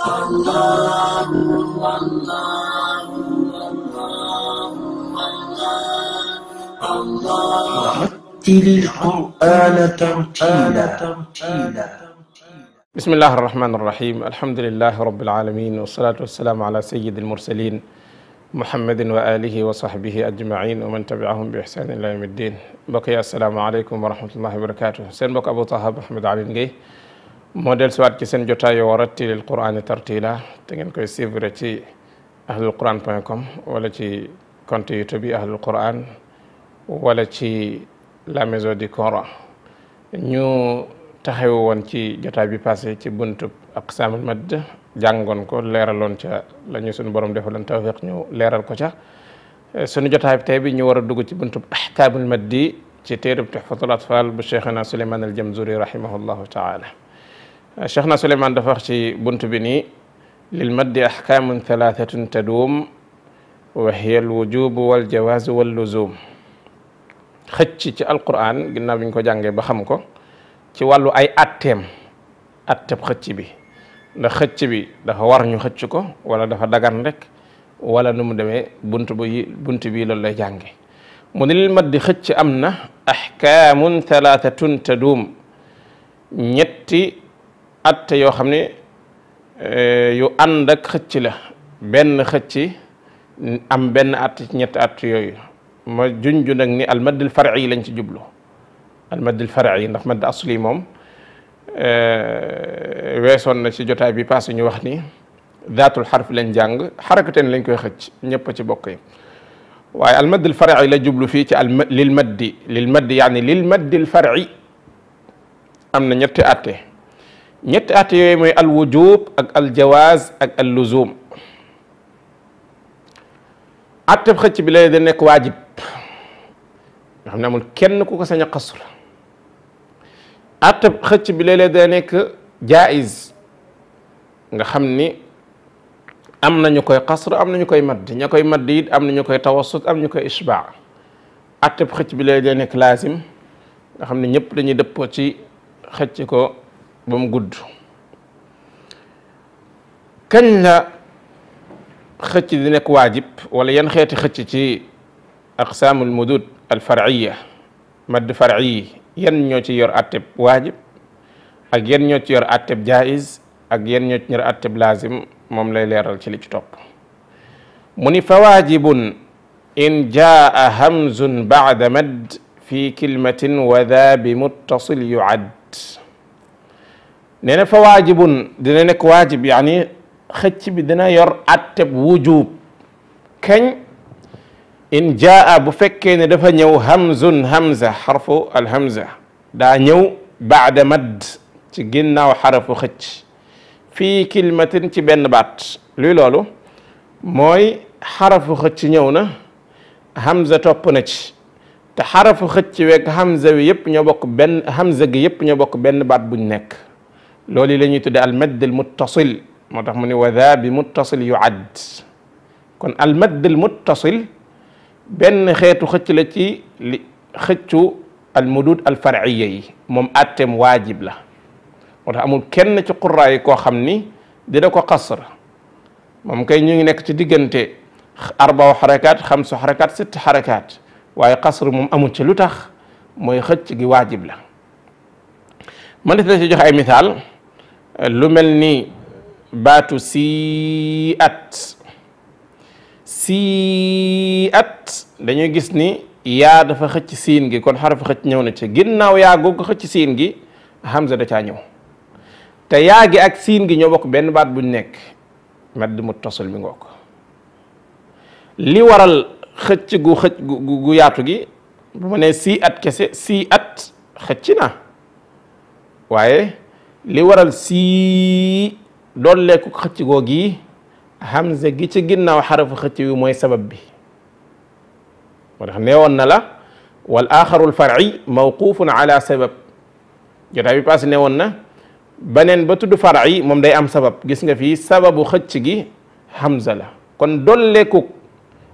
الله الله الله رتل القرآن ترتيلا بسم الله الرحمن الرحيم الحمد لله رب العالمين والصلاة والسلام على سيد المرسلين محمد وآله وصحبه أجمعين ومن تبعهم بإحسان إلى يوم الدين بقي السلام عليكم ورحمة الله وبركاته سين أبو طه محمد علي نجي moo del siwaat ci seen jotaayu wa rattilil qur'aana tartiila te ngeen koy suivre ci ahlul quran point com wala ci compte youtube yi ahlul quran wala ci la maison du coran ñu taxaw woon ci jotaay bi passé ci buntub aqsaamul madd jàngoon ko leeraloon ca la ñu suñu borom defaloon tawfiq ñu leeral ko ca suñu jotaay bi tey bi ñu war a dugg ci buntub ahkaamul maddi ci téerub tuhfatul atfal bu cheikhina suleyman al jamzuri rahimahullahu taala Cheikhna Souleymane dafa wax ci bunt bi nii lil maddi ahkaamun thalathatun taduum wa hiya al wujubu wal jawaazu wal luzuum xëcc ci alquran ginnaaw bi ñu ko jàngee ba xam ko ci wàllu ay atteem atteb xëcc bi ndax xëcc bi dafa war ñu xëcc ko wala dafa dagan rek wala nu mu demee bunt bi bunt bii loolu lay jànge mu ne lil maddi xëcc am na ahkaamun thalathatun taduum ñetti atte yoo xam ne eh, yu ànd ak xëcc la benn xëcc am benn att ci ñetti att yooyu ma junju nag ni almaddil far'i lañ ci jublu almaddil far'i ndax madd asli moom eh, weesoon na ci jotaay bi paase ñu wax ni daatul xarf lañ jàng xarakateen lañ koy xëcc ñëpp ci bokk yi waaye almaddil far'i la jublu fii ci alma lil maddi lil maddi yaani far'i am na ñetti atte ñetti at yooyu mooy al wujub ak al jawaaz ak al luzum atteb xëcc bi da nekk waajib nga xam ne amul kenn ku ko sañ a xasu la xëcc bi léeg da nekk jaiz nga xam ni am nañu koy xasru am nañu koy madd ña koy madd it am nañu koy tawassut am nañu koy isbaa atteb xëcc bi léeg da nekk laazim nga xam ne ñëpp dañuy dëppoo ci xëcc ko بام غود كان لا خيتي دي نيك اقسام المدود الفرعيه مد فرعي ين نيو تي واجب اك ين نيو جائز اك ين نيو لازم موم لاي ليرال سي لي ان جاء همز بعد مد في كلمه وذا بمتصل يعد nee na fa waajibun dina nekk waajib yaani xëcc bi dina yor atteb wujub kañ in jaa bu fekkee ne dafa ñëw hamzun hamza xarfu alhamza daa ñëw baade mad ci ginnaaw xarafu xëcc fii kilmatin ci benn baat luy loolu mooy xarafu xëcc ñëw na hamza topp na ci te xarafu xëcc weeg hamza wi yëpp ñoo bokk benn hamza gi yëpp ñoo bokk benn baat buñ nekk loolu la ñuy tudde almadd al muttasil moo tax mu ni wa daa bi muttasil yu add kon almadd al muttasil benn xeetu xëcc la ci li xëccu alfar alfariya yi moom atteem waajib la moo tax amul kenn ci qurraa yi koo xam ni dina ko qasr moom kay ñu ngi nekk ci diggante arbaa xarakaat xamsu xarakaat sitt xarakaat waaye qasr moom amul ci lu tax mooy xëcc gi waajib la mën na ci joxe ay misaal lu mel ni baatu si at si at dañuy gis ni yaa dafa xëcc siin gi kon xarafa xëcc ñëw na ci ginnaaw yaa googu xëcc siin gi xam hamza da caa ñëw te yaa gi ak siin gi ñoo bokk benn baat bu ñu nekk madd muttasil mi ngoo ko li waral xëcc gu xëcc gu yaatu gi bu ma nee si at kese si at xëcc na waaye li waral si dolle dolleeku xëcc gogi hamza gi ci ginnaw harfu xëcc wi moy sabab bi moo neewon na la wal akharu al far'i mawqufun ala sabab jotaay bi pass neewon na banen ba tuddu far'i mom day am sabab gis nga fi sababu xëcc gi hamza la kon dolle dolleeku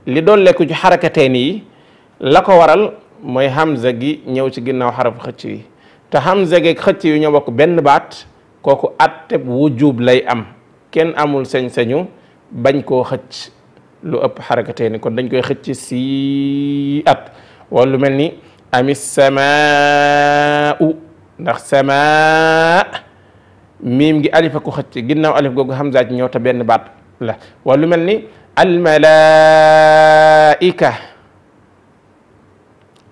li dolle dolleeku ci xarakateen yi la ko waral moy hamza gi ñëw ci ginnaw harfu xëcc wi te hamza geeg xëcc yu ñoo bokk benn baat kooku atteb wujub lay am kenn amul sañ-sañu bañ koo xëcc lu ëpp xarakatee ni kon dañ koy xëcc si at wala lu mel ni ami samaau ndax samaa miim gi alif ko xëcc ginnaaw alif googu hamza ci ñëw te benn baat la wala lu mel ni almalaika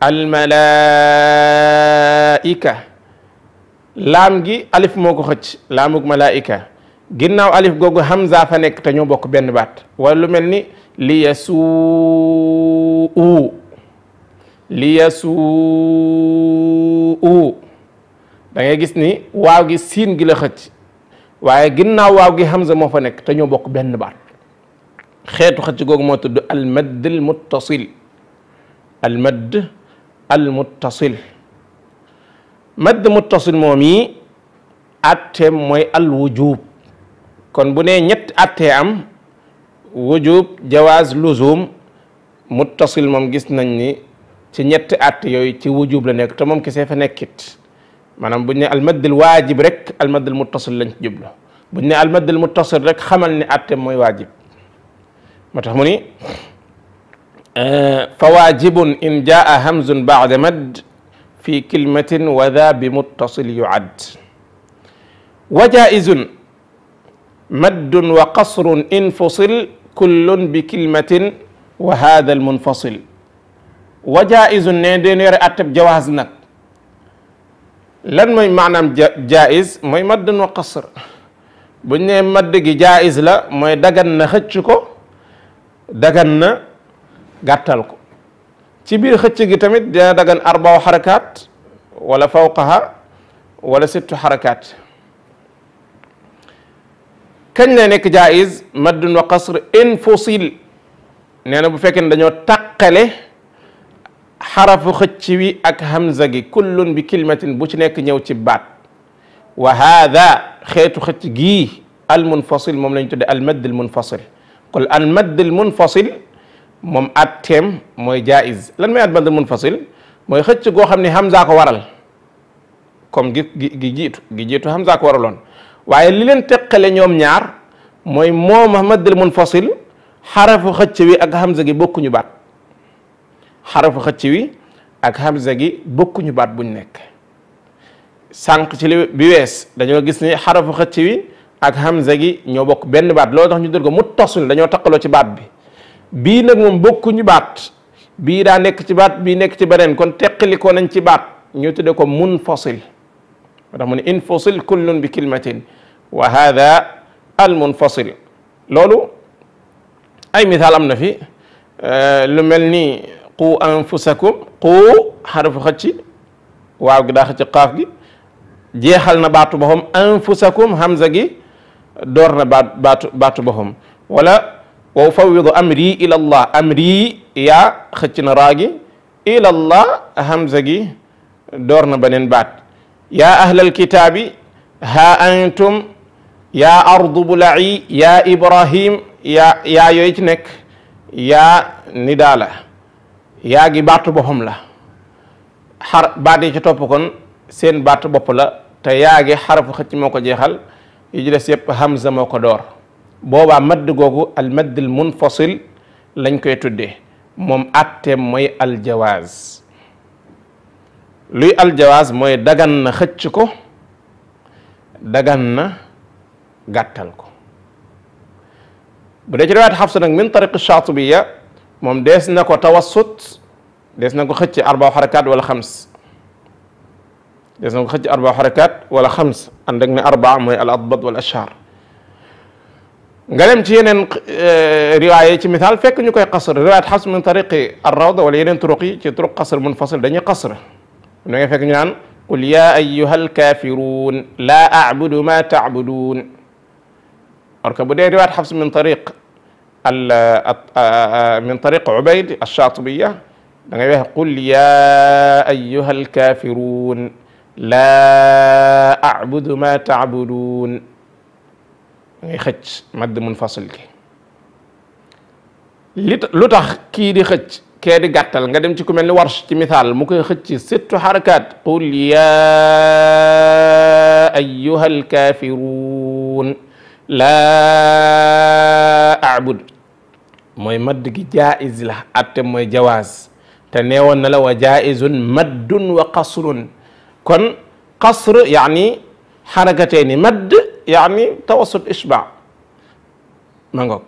almalaika laam gi alif moo ko xëcc laamuk malaika ginnaaw alif googu hamza fa nekk te ñoo bokk benn baat wala lu mel ni li yasuu li yasuu da gis ni waaw gi siin gi la xëcc waaye ginnaaw waaw gi hamza moo fa nekk te ñoo bokk benn baat xeetu xëcc googu moo tudd almadd almuttasil almuttasil madd muttasil moom yi atteem mooy alwujub kon bu ne ñett attee am wujub jawaaz luzum muttasil moom gis nañ ni ci ñetti att yooyu ci wujub la nekk te moom kese fa nekkit maanaam buñ ne almaddal waajib rek almaddal muttasil lañ ci jublu buñ ne almaddal muttasil rek xamal ni atteem mooy waajib moo tax mu ni فواجب إن جاء همز بعد مد في كلمة وذا بمتصل يعد وجائز مد وقصر إن فصل كل بكلمة وهذا المنفصل وجائز نيدين أتب جوازنا لن مي معنى جائز مي مد وقصر بني مد جائز لا مي دغن نخشكو دغن نخشكو gàttal ko ci biir xëcc gi tamit dina dagan arbaaw xarakaat wala fawqaha wala sittu xarakaat kañ la nekk jaiz maddun wa qasr in nee na bu fekkee ne dañoo taqale xarafu xëcc wi ak hamza gi kullun bi kilimatin bu ci nekk ñëw ci baat wa haada xeetu xëcc gi almunfasil moom la ñu tudde almadd almunfasil almunfasil moom at atteem mooy jaiz lan mooy at bandal munfasil mooy xëcc goo xam ne Hamza ko waral comme gi gi jiitu gi jiitu Hamza ko waraloon waaye li leen teqale ñoom ñaar mooy moom maddal munfasil xarafu xëcc wi ak Hamza gi bokkuñu baat xarafu xëcc wi ak Hamza gi bokkuñu baat buñ nekk sànq ci li bi wees dañoo gis ni xarafu xëcc wi ak Hamza gi ñoo bokk benn baat loolu tax ñu dër ko mu tasul dañoo taqaloo ci baat bi bii nag moom bokkuñu baat bii daa nekk ci baat bii nekk ci beneen kon teqali ko nañ ci baat ñu de ko munfasil moo tax mu ne infasil kullun bi kalimatin wa hada al loolu ay misaal am na fi euh, lu mel ni qu anfusakum qu xarafu xëcc waaw gi daa xëcc qaaf gi jeexal na baatu boppam anfusakum hamza gi door na baatu baatu boppam wala wa ufawidu amri ila allah amri yaa xëcc na raa gi ila hamza gi door na beneen baat yaa ahlal kitaabi ha antum yaa ardu bulaci ibrahim yaa yaa yooyu ci nekk yaa nidaa la yaa gi la xar baat yi ci topp kon seen baatu bopp la te yaa gi xëcc moo ko jeexal yu ji des yëpp hamza moo ko door boobaa madd googu al madd al munfasil lañ koy tuddee moom atteem mooy aljawaaz luy aljawaaz mooy dagan na xëcc ko dagan na gàttal ko bu dee ci riwaayat Xafsa nag min tariq Shaatibiya moom dees na ko tawassut dees na ko xëcc arbaa xarakaat wala xams dees na ko xëcc arbaa xarakaat wala xams ànd ak ne arbaa mooy al adbat wal ashar nga dem ci yeneen riwaaya yi ci misaal fekk ñu koy qasr riwaayat xas min tariqi arrawda wala yeneen turuq yi ci turuq qasr munfasil dañuy qasr da ngay fekk ñu naan qul ya ayuha alkafirun laa abudu ma tacbuduun or que bu dee riwaayat xas min tariq al min tariq ubayd alchatibiya da ngay wax qul ya ayuha alkafirun laa abudu ma tacbuduun ngay xëcc madd munfasil gi li lu tax kii di xëcc kee di gàttal nga dem ci ku mel ni warsh ci misaal mu koy xëcc sittu xarakaat qul yaa ayyuha alkaafiruun laa abud mooy madd gi jaiz la atte mooy jawaaz te neewoon na la wa jaizun maddun wa qasrun kon qasr yaani xarakatee ni madd يعني توسط إشباع مانغوك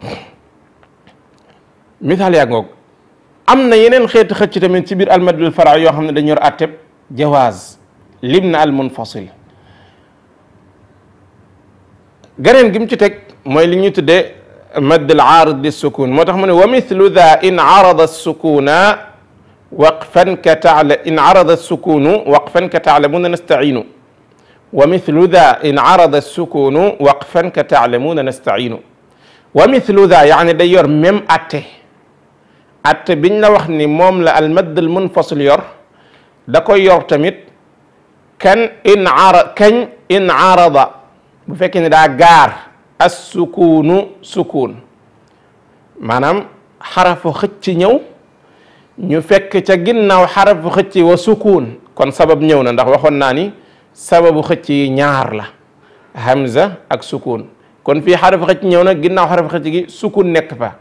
مثال يا غوك أمنا ينين خيط خيط من تبير المدل الفرعي وحمد دنيور أتب جواز لبن المنفصل غرين جمت تك مويلين يتدى مد العارض للسكون متخمن ومثل ذا إن عرض السكون وقفا كتعل إن عرض السكون وقفا كتعلمون نستعينه ومثل ذا إن عرض السكون وقفا كتعلمون نستعين ومثل ذا يعني دير مم أتي أتي بنا وخني موم المد المنفصل يور دكو يور تميت كان إن عرض كان إن عرض بفكين دا جار السكون سكون مانام حرف خطي نيو ني فك تا وسكون كن سبب نيو ناندخ واخون sababu xëcc yi ñaar la hamza ak sukun kon fii xaraf xëcc ñëw na ginnaaw xaraf xëcc gi sukun nekk fa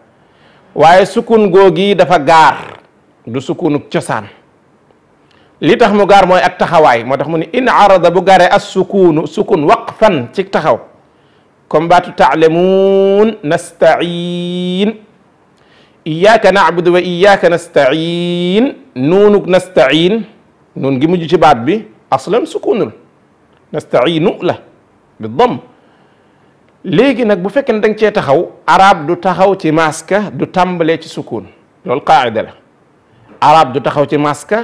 waaye sukun googi dafa gaar du sukunu cosaan li tax mu gaar mooy ak taxawaay moo tax mu ne in arada bu gaaree as sukunu sukun waqfan ci taxaw comme baatu taalamuun nastain iyaaka naabudu wa iyaaka nastain nuunuk nastain nuun gi mujj ci baat bi aslan sukunul nasta'iinu la bi dam léegi nag bu fekkee ne cee taxaw arab du taxaw ci maska du tàmbalee ci sukun loolu qaa'ida la arab du taxaw ci maska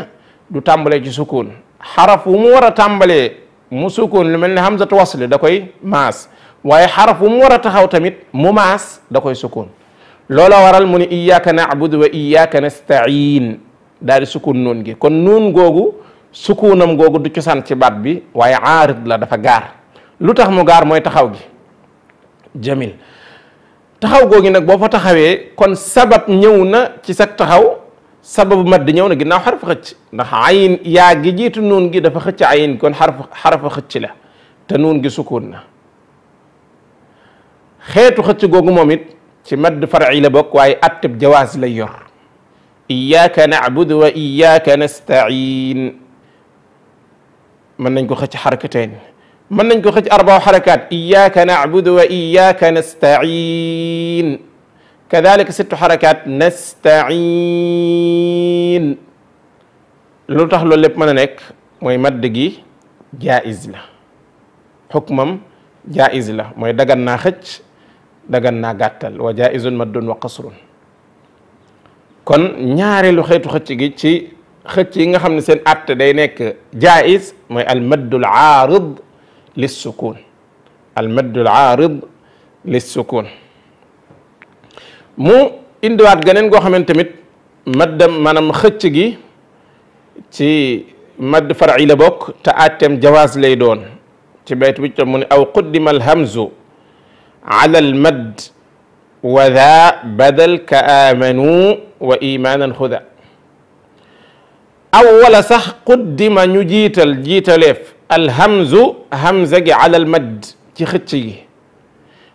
du tàmbalee ci sukun xaraf wu mu war a tàmbalee mu sukun lu mel ni ne hamzatu wasli da koy maas waaye xaraf wu mu war a taxaw tamit mu maas da koy sukun looloo waral mu ne iyyaka na'budu wa iyyaka nasta'in daal gi kon nuun googu sukuunam googu du cosaan ci baat bi waaye aarid la dafa gaar lu tax mu gaar mooy taxaw gi jamil taxaw googu nag boo fa taxawee kon sabab ñëw na ci sag taxaw sababu madd ñëw na ginnaaw xarfa xëcc ndax ayin yaa gi jiitu nuun gi dafa xëcc ayin kon xarfa xarfa xëcc la te nuun gi sukuun na xeetu xëcc googu moom it ci madd far la bokk waaye atteb jawaaz lay yor iyaaka nacbudu wa iyaaka nastain mën nañ ko xëcc xarakateen mën nañ ko xëcc arbaaw xarakaat iyaaka nacbudu wa iyaaka nastain kadalika sittu xarakaat nastain lu tax loolu lépp mën a nekk mooy madd gi jaiz la xukmam jaiz la mooy dagan naa xëcc dagan naa gàttal wa jaizun maddun wa qasrun kon ñaareelu xeetu xëcc gi ci xëcc yi nga xam ne seen atte day nekk jaiz mooy almaddul aarid lissukun almaddul aarid lissukun mu indiwaat geneen goo xamante tamit maddam maanaam xëcc gi ci madd far'i la bokk te atteem jawaaz lay doon ci bayt bi tam mu ne aw quddima alhamzu ala almadd badal ka amanu wa imanan xuda aw wala sax quddima ñu jiital jiitaleef alhamzu hamza gi alal madd ci xëcc gi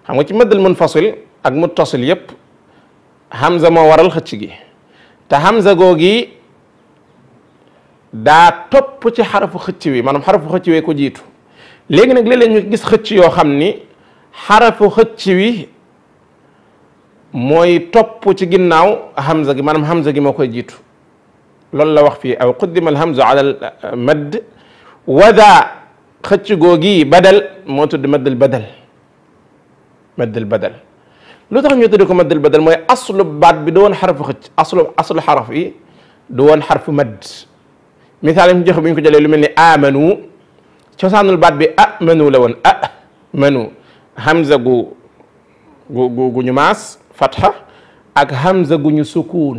xam nga ci maddal munfasil ak muttasil yépp hamza moo waral xëcc gi te hamza googi daa topp ci xarafu xëcc wi maanaam xarafu xëcc wi ko jiitu léegi nag léeg ñu gis xëcc yoo xam ni xarafu xëcc wi mooy topp ci ginnaaw hamza gi maanaam hamza gi moo koy jiitu لول لا وخ في او قدم الهمزه على المد وذا خچ غوغي بدل مو تود مد البدل مد البدل لو تخ ني تودكو مد البدل موي اصل بعد بدون حرف خچ اصل اصل حرف اي دون حرف مد مثال ام جخ بنكو جالي لو ملني امنو تشوسان البعد بي امنو لون ا منو همزه غو غو غو ني ماس فتحه اك همزه غو ني سكون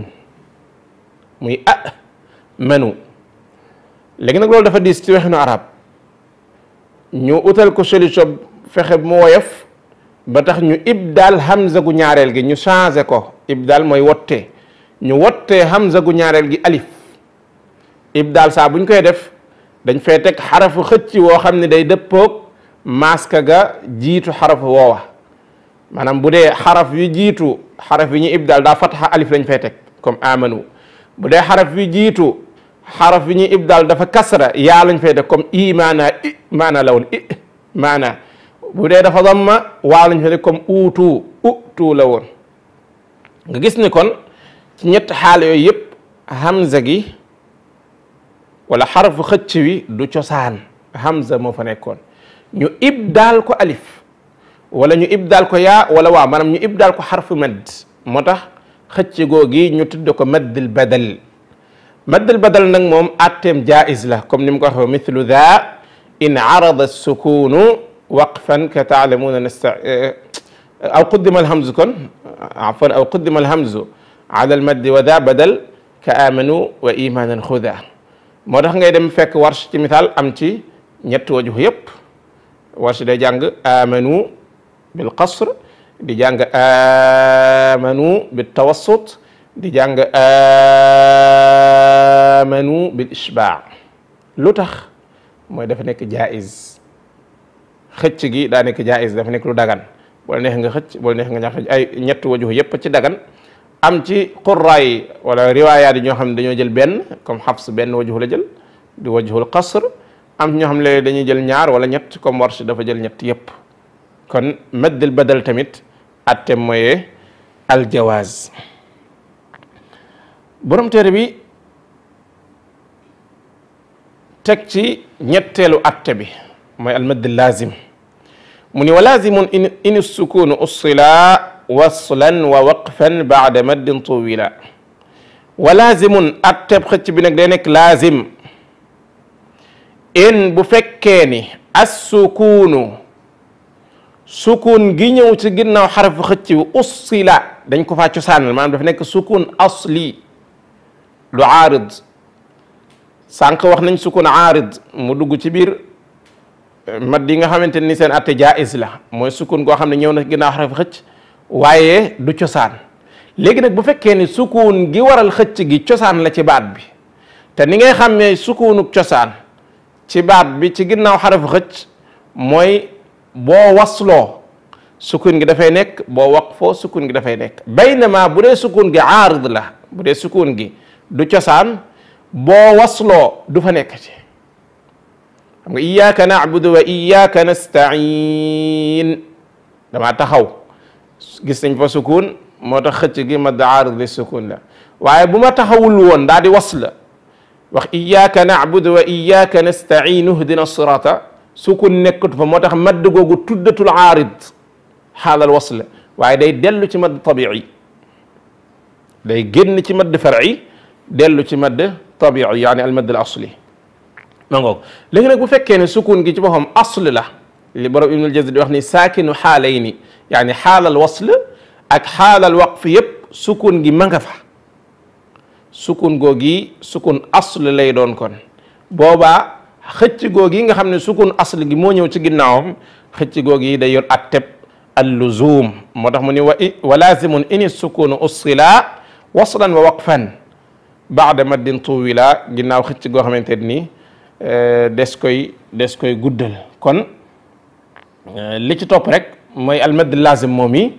muy ah menu léegi nag loolu dafa diis ci waxinu arab ñu utal ko solution fexe mu woyof ba tax ñu ibdaal hamza gu ñaareel gi ñu changé ko ib daal mooy wotte ñu wottee hamza gu ñaareel gi alif daal saa buñ koy def dañ fee teg xarafu xëcc woo xam ne day dëppoog maska ga jiitu xarafu woowa maanaam bu dee xaraf yu jiitu xaraf yi ñu ibdaal daa fatxa alif lañ fay teg comme amanu bu dee xaraf wi jiitu xaraf wi ñuy ibdaal dafa kasra yaa lañ fay def comme i maana i maana maana bu dee dafa damma waa lañ fay def comme uutu utu woon nga gis ni kon ci ñetti xaal yooyu yëpp hamza gi wala xarafu xëcc wi du cosaan hamza moo fa nekkoon ñu daal ko alif wala ñu daal ko yaa wala waaw maanaam ñu daal ko xarfu mad xëcc googi ñu tudde ko maddil badal maddil badal nag moom atteem jaiz la comme ni mu ko waxee mithlu dha in arada sukunu waqfan ka taalamuuna nasta eh, aw quddima alhamzu kon afwan aw quddima alhamzu ala almaddi wa dha badal ka amanu wa imanan xuda moo tax ngay dem fekk warsh ci misaal am ci ñetti wajuh yëpp warsh day jàng amanu bil qasr di jàng amanu bi tawassut di jàng amanu bil ishbaa lu tax mooy dafa nekk jaiz xëcc gi daa nekk jaiz dafa nekk lu dagan boo neex nga xëcc boo neex nga ñax ay ñett wajuh yëpp ci dagan am ci qurraa yi wala riwaayaat yi ñoo xam ne dañoo jël benn comme Hafs benn wajuh la jël di wajuhul qasr am ñoo xam ne dañuy jël ñaar wala ñett comme Warsh dafa jël ñett yëpp kon maddil badal tamit atte mooy aljawaaz borom bi teg ci ñetteelu atte bi mooy almadd laazim mu ni wa laazimun in sukunu ussila waslan wa waqfan baada maddin tuwila wa bi nag day nekk laazim in bu fekkee ni assukuunu sukun gi ñëw ci ginnaaw xarafu xëcc bi ussila dañ ko faa cosaanal maanaam dafa nekk sukun asli du aarid sànq wax nañ sukun aarid mu dugg ci biir eh, mat yi nga xamante ni seen atte jaiz la mooy sukun goo xam ne ñëw na ginnaaw xarafu xëcc waaye du cosaan léegi nag bu fekkee ni sukun gi waral xëcc gi cosaan la ci baat bi te ni ngay xamee sukunuk cosaan ci baat bi ci ginnaaw xarafu xëcc mooy boo wasloo sukun gi dafay nekk boo waqfoo sukun gi dafay nekk baynama bu dee sukun gi aarid la bu dee sukun gi du cosaan boo wasloo du fa nekk ci xam nga iyyaka na'budu wa iyyaka nasta'in damaa taxaw gis nañ fa moo tax xëcc gi ma aarid li la waaye bu ma taxawul woon daa di wasla wax iyyaka na'budu wa iyyaka nasta'in uhdina sirata sukun nekkatu fa moo tax madd googu tuddatul aarid xaalal wasl waaye day dellu ci madd tabi'i day génn ci madd far'i dellu ci madd tabi'i yaani al madd al asli ma ngoog léegi bu fekkee ne sukun gi ci boppam asl la li borom ibnul di wax ni saakinu xaalayni yaani xaalal wasl ak xaalal waqf yëpp sukun gi ma fa sukun googi sukun asl lay doon kon boobaa xëcc googu yi nga xam ne sukun asl gi moo ñëw ci ginnaawam xëcc googu yi day yor ak teb alluzum moo tax mu ni wa wa lazimun ini sukunu ussila waslan wa waqfan baada maddin tuwila ginnaaw xëcc goo xamante ni des koy des koy guddal kon li ci topp rek mooy almadd lazim moom yi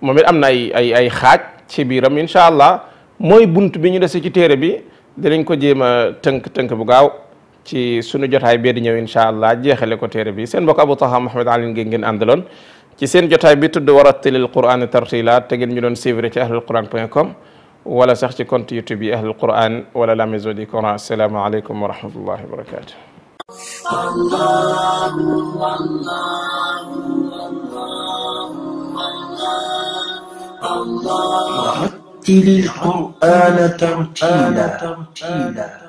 moom it am na ay ay ay xaaj ci biiram incha allah mooy bunt bi ñu dese ci téere bi dinañ ko jéem a tënk tënk bu gaaw ci sunu jotay bi di ñëw inshallah allah jeexale ko téré bi seen bokk Abou Taha mohammed ali ngeen ngeen andalon ci seen jotay bi tudd warattilil Qur'an tartila te ngeen ñu doon suivre ci ahlul quran wala sax ci compte youtube bi ahlul quran wala la maison du Coran alaykum wa rahmatullahi wa barakatu رتل القرآن ترتيلا